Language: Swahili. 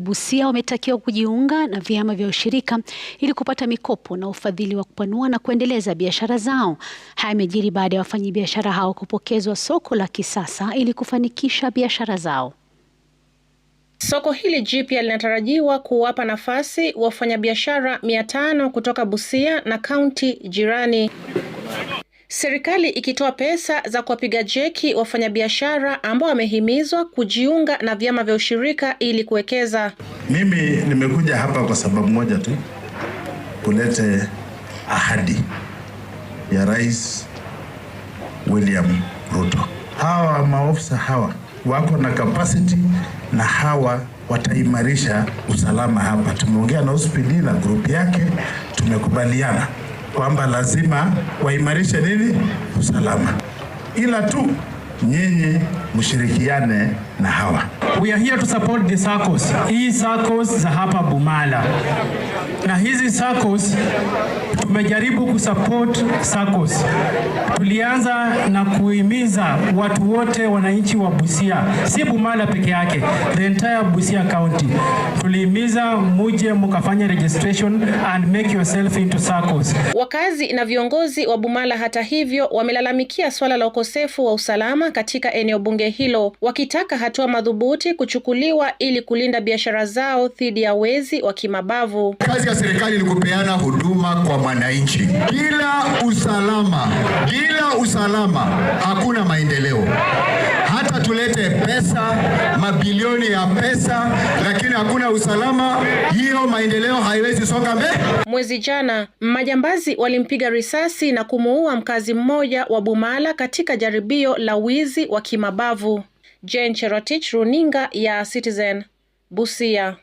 Busia wametakiwa kujiunga na vyama vya ushirika ili kupata mikopo na ufadhili wa kupanua na kuendeleza biashara zao. Haya yamejiri baada ya wafanyabiashara hao kupokezwa soko la kisasa ili kufanikisha biashara zao. Soko hili jipya linatarajiwa kuwapa nafasi wafanyabiashara mia tano kutoka Busia na kaunti jirani Serikali ikitoa pesa za kuwapiga jeki wafanyabiashara ambao wamehimizwa kujiunga na vyama vya ushirika ili kuwekeza. Mimi nimekuja hapa kwa sababu moja tu, kulete ahadi ya Rais William Ruto. Hawa maofisa hawa wako na capacity na hawa wataimarisha usalama hapa. Tumeongea na OSPD na grupu yake, tumekubaliana kwamba lazima waimarishe nini usalama, ila tu nyinyi mshirikiane na hawa. We are here to support the SACCOS. Hii SACCOS za hapa Bumala na hizi SACCOS tumejaribu kusupport SACCOS. Tulianza na kuhimiza watu wote, wananchi wa Busia, si Bumala peke yake, the entire Busia county. Tulihimiza muje mukafanya registration and make yourself into SACCOS. Wakazi na viongozi wa Bumala, hata hivyo, wamelalamikia swala la ukosefu wa usalama katika eneo bunge hilo, wakitaka hatua madhubuti kuchukuliwa ili kulinda biashara zao dhidi ya wezi wa kimabavu. Kazi serikali ni kupeana huduma kwa mwananchi. Bila usalama, bila usalama hakuna maendeleo. Hata tulete pesa, mabilioni ya pesa, lakini hakuna usalama, hiyo maendeleo haiwezi songa mbele. Mwezi jana majambazi walimpiga risasi na kumuua mkazi mmoja wa Bumala katika jaribio la wizi wa kimabavu. Jane Cherotich, runinga ya Citizen, Busia.